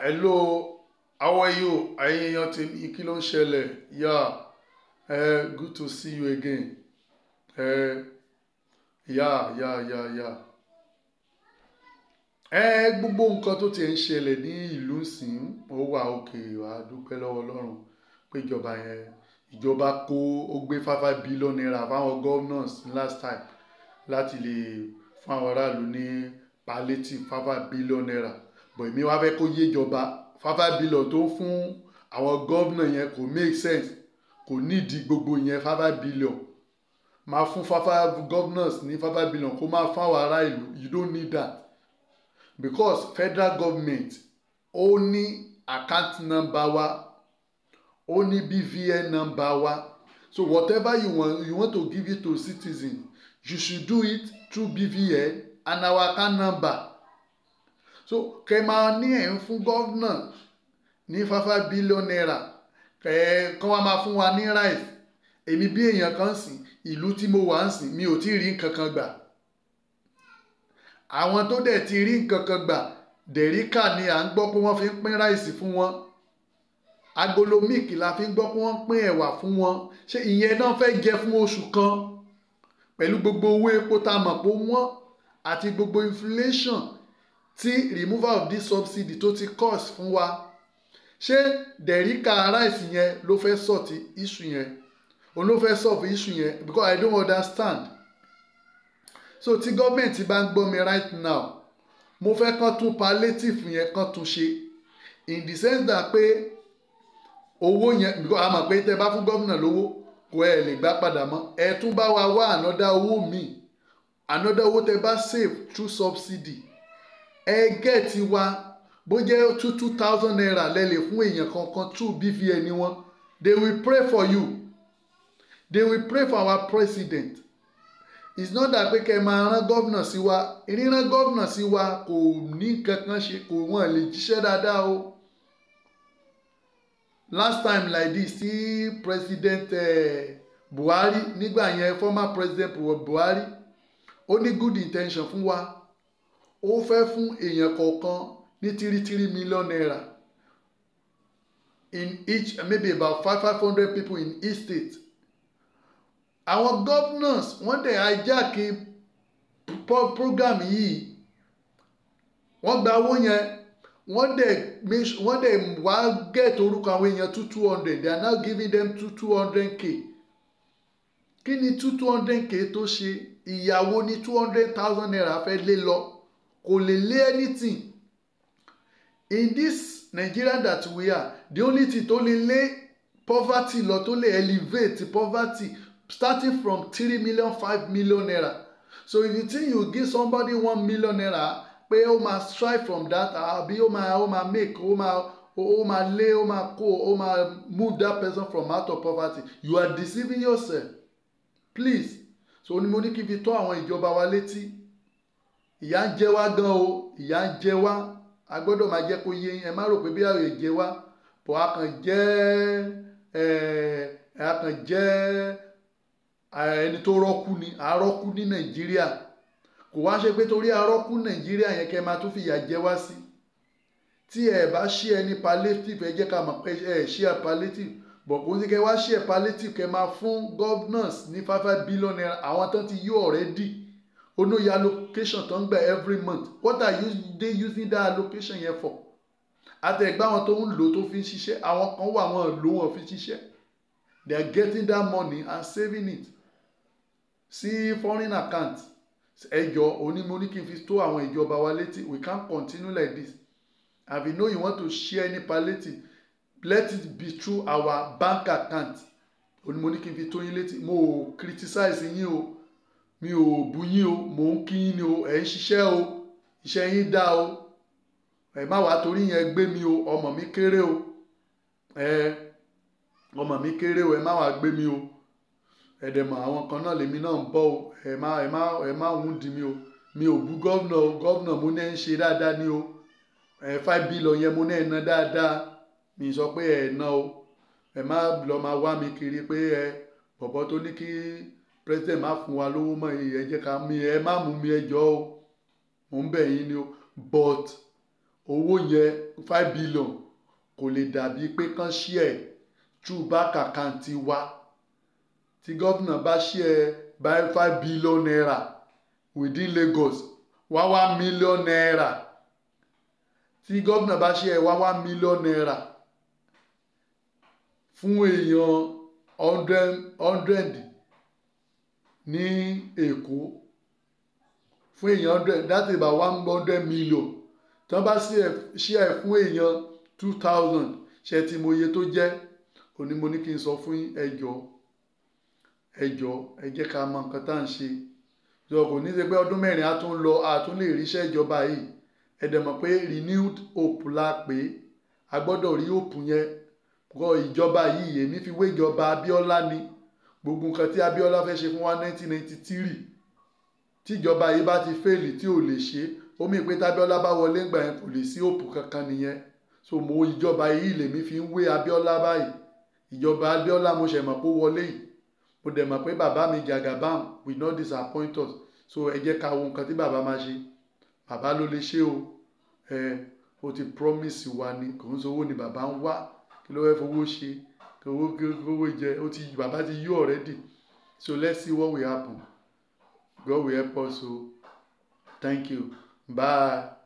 hello how are you ẹ̀yin èèyàn tèmi kí ló ń ṣẹlẹ̀ yà ẹ̀ good to see you again ẹ̀ yà yà yà yà ẹ gbogbo nǹkan tó ti ń ṣẹlẹ̀ ní ìlú sìn ó wà òkè wà dúpẹ́ lọ́wọ́ ọlọ́run pé ìjọba yẹn ìjọba kó ó gbé five five naira fáwọn governors last time láti lè fún àwọn aráàlú ní palliative five five naira bọ̀ èmi wá fẹ́ kó yéjọba fáfá bílọ̀ tó ń fún àwọn gómìnà yẹn kò make sense kò nídìí gbogbo yẹn fáfá bílọ̀ máa fún fáfá governors ní fáfá bílọ̀ kó máa fún àwọn ará ìlú you don't need that because federal government ó ní account number wa ó ní BVN number wa so whatever you want you want to give it to citizen you should do it through BVN and our account number so kẹ máa ní ẹ̀ ń fún gọ́vnà ní fáfá bílíọ̀n náírà kẹ kọ́ wa máa fún wa ní rice èmi bí èèyàn kan sìn ìlú tí mo wà ń sìn mi ò tí ì rí nǹkan kan gbà àwọn tó dẹ̀ ti rí nǹkan kan gbà dẹ̀ríkà ni à ń gbọ́ pé wọ́n fi ń pín ráìsì fún wọn agolo míìkì la fi ń gbọ́ pé wọ́n pín ẹ̀wà fún wọn ṣé ìyẹn náà fẹ́ jẹ fún oṣù kan pẹ̀lú gbogbo owó epo tá a mọ̀ pé wọ́n àti gbogbo inflation tí removal of this subsidy tó ti cost fún wa ṣé dẹ̀ríkà rice yẹn ló fẹ́ sọ̀tì issue yẹn òun ló fẹ́ solve issue yẹn because I don't understand so tí government bá ń gbọ́ mi right now mo fẹ́ kán tún palliative yẹn kán tún ṣe in the sense that pé owó yẹn because a mọ̀ pé tẹ́ bá fún gómìnà lówó kò ẹ̀ lè gbà padà mọ́ ẹ tún bá wa wá ànádá owó míì ànádá owó tẹ́ bá save through subsidy ẹgẹ́ ti wa bó jẹ́ two two thousand naira lẹ́lẹ̀ fún èèyàn kankan two bvn ni they will pray for you they will pray for our president it's not that pé kẹ́ ẹ máa rán gómìnà sí wa ríran gómìnà sí wa kò ní kankan ṣe kò wọ́n lè jíṣẹ́ dáadáa o last time like this tí president eh, Buhari nígbà yẹn former president Buhari ó ní good intention fún wa ó fẹ́ fún èèyàn kọ̀ọ̀kan ní tírí tírí million naira in each maybe about five five hundred people in each state àwọn governors wọ́n dẹ̀ ajáàkì program yìí wọ́n gba owó yẹn wọ́n dẹ̀ wọ́n dẹ̀ wá get orúkọ àwọn èèyàn two two hundred they are now giving them two two hundred k kí ni two two hundred k tó ṣe ìyàwó ní two hundred thousand naira fẹ́ lé lọ kò lè lé anything in this Nigeria that we are the only thing tó lay lé poverty lọ tó lè elevate poverty starting from three million five million naira so if you think you give somebody one million naira pé ó máa strive from that àbí ó máa ó máa make ó máa ó máa lay ó máa kó ó máa move that person from out of poverty you are deceiving yourself please so ni mo ní kí n fi tó àwọn ìjọba wa létí ìyà ń jẹ wá gan o ìyà ń jẹ wá a gbọ́dọ̀ máa jẹ́ kó yé ẹ má rò pé bí ààrẹ jẹ wá bọ̀ a kàn jẹ́ ẹ̀ a kàn jẹ́ ẹni tó rọ́kú ni àárọ́kú ní nàìjíríà kò wá ṣe pé torí àárọ́kú nàìjíríà yẹn kẹ́ máa tún fìyà jẹ wá sí tí ẹ bá ṣí ẹni palliative ẹ jẹ́ ká mọ̀ pé ẹ ṣí ẹ palliative bọ̀ kò sí kẹ́ wá ṣí ẹ palliative kẹ́ máa fún governors ní five five billion naira àwọn tán ti yó already ó ní Your allocation tó ń gbà every month what are you dey using that allocation yẹn for àtẹ̀gbá wọn tó ń lò tó fi ń ṣiṣẹ́ àwọn kan wà wọn lò wọn fi ṣiṣẹ́ they are getting that money and saving it sí foreign account ẹjọ́ onímọ̀ ní kí n fi tó àwọn ìjọba wa létí we can't continue like this and we know you want to share any palliative let it be through our bank account onímọ̀ ní kí n fi tó yín létí mo criticize yín o mi ò bú yín o mò ń kí yín ni o ẹ̀ ń ṣiṣẹ́ o iṣẹ́ yín dá o ẹ̀ má wàá torí yẹn gbé mi o ọmọ mi kéré o ẹ ọmọ mi kéré o ẹ má wàá gbé mi o ẹ̀dẹ̀mọ̀ àwọn kan náà lèmi náà ń bọ̀ o ẹ má ẹ má ẹ má ń di mi o mi ò bú gọ́vnà o gọ́vnà mo ní ẹ̀ ń ṣe dáadáa ni o ẹ five billion yẹn mo ní ẹ̀ ná dáadáa mi sọ pé ẹ̀ ná o ẹ má lọ máa wá mi kiri pé ẹ bọ̀bọ̀ tó ní kí president má fún wa lówó mọ́ ẹ jẹ́ ká mi ẹ má mú mi ẹjọ́ o mò ń bẹ̀ yín ni o but owó yẹn five billion kò lè dàbí pé kán ṣí ẹ̀ tú bákà kan ti wá tí gómìnà bá ṣí ẹ by five billion naira within Lagos wá wá million naira tí gómìnà bá ṣí ẹ wá wá million naira fún èèyàn hundred hundred ní Èkó fún èèyàn hundred that is about one hundred million tí wọ́n bá ṣí ẹ̀ fún èèyàn two thousand ṣe ti mọ iye tó jẹ́ òní mo ní kí n sọ fún yín ẹ jọ̀ọ́ ẹ jọ̀ọ́ ẹ jẹ́ ká mọ nǹkan tá à ń ṣe jọ kò ní í ṣe pé ọdún mẹ́rin a tún lọ a tún lè ríṣẹ́ ìjọba yìí ẹ dẹ̀ mọ̀ pé renewed hope la pé a gbọ́dọ̀ rí hope yẹn kọ ìjọba yìí èmi fi wé ìjọba Abíọ́lá ni gbogbo nǹkan tí Abíọ́lá fẹ́ ṣe fún wa nineteen ninety three tíjọba yìí bá ti fẹ́ẹ̀lì tí ò lè ṣe ó mì pé tábíọ́lá bá wọlé ńgbà yẹn kò lè sí òpù kankan nìyẹn so mo ìjọba yìí lèmi fi ń wé Abíọ́lá báyìí ìjọba Abíọ́lá mo ṣẹ̀ mọ̀ pé ó wọlé yìí mo dẹ̀ mọ̀ pé bàbá mi Jagabam will not disappoint us so ẹ jẹ́ ká wo nǹkan tí bàbá máa ṣe bàbá ló lè ṣe o ẹ o ti promise wa ni kò ń sọ owó ni bàbá ń wá kí ló fẹ́ fowó ṣe owó owó jẹ ó ti bàbá ti yó already so let's see what will happen God will help us o thank you bye.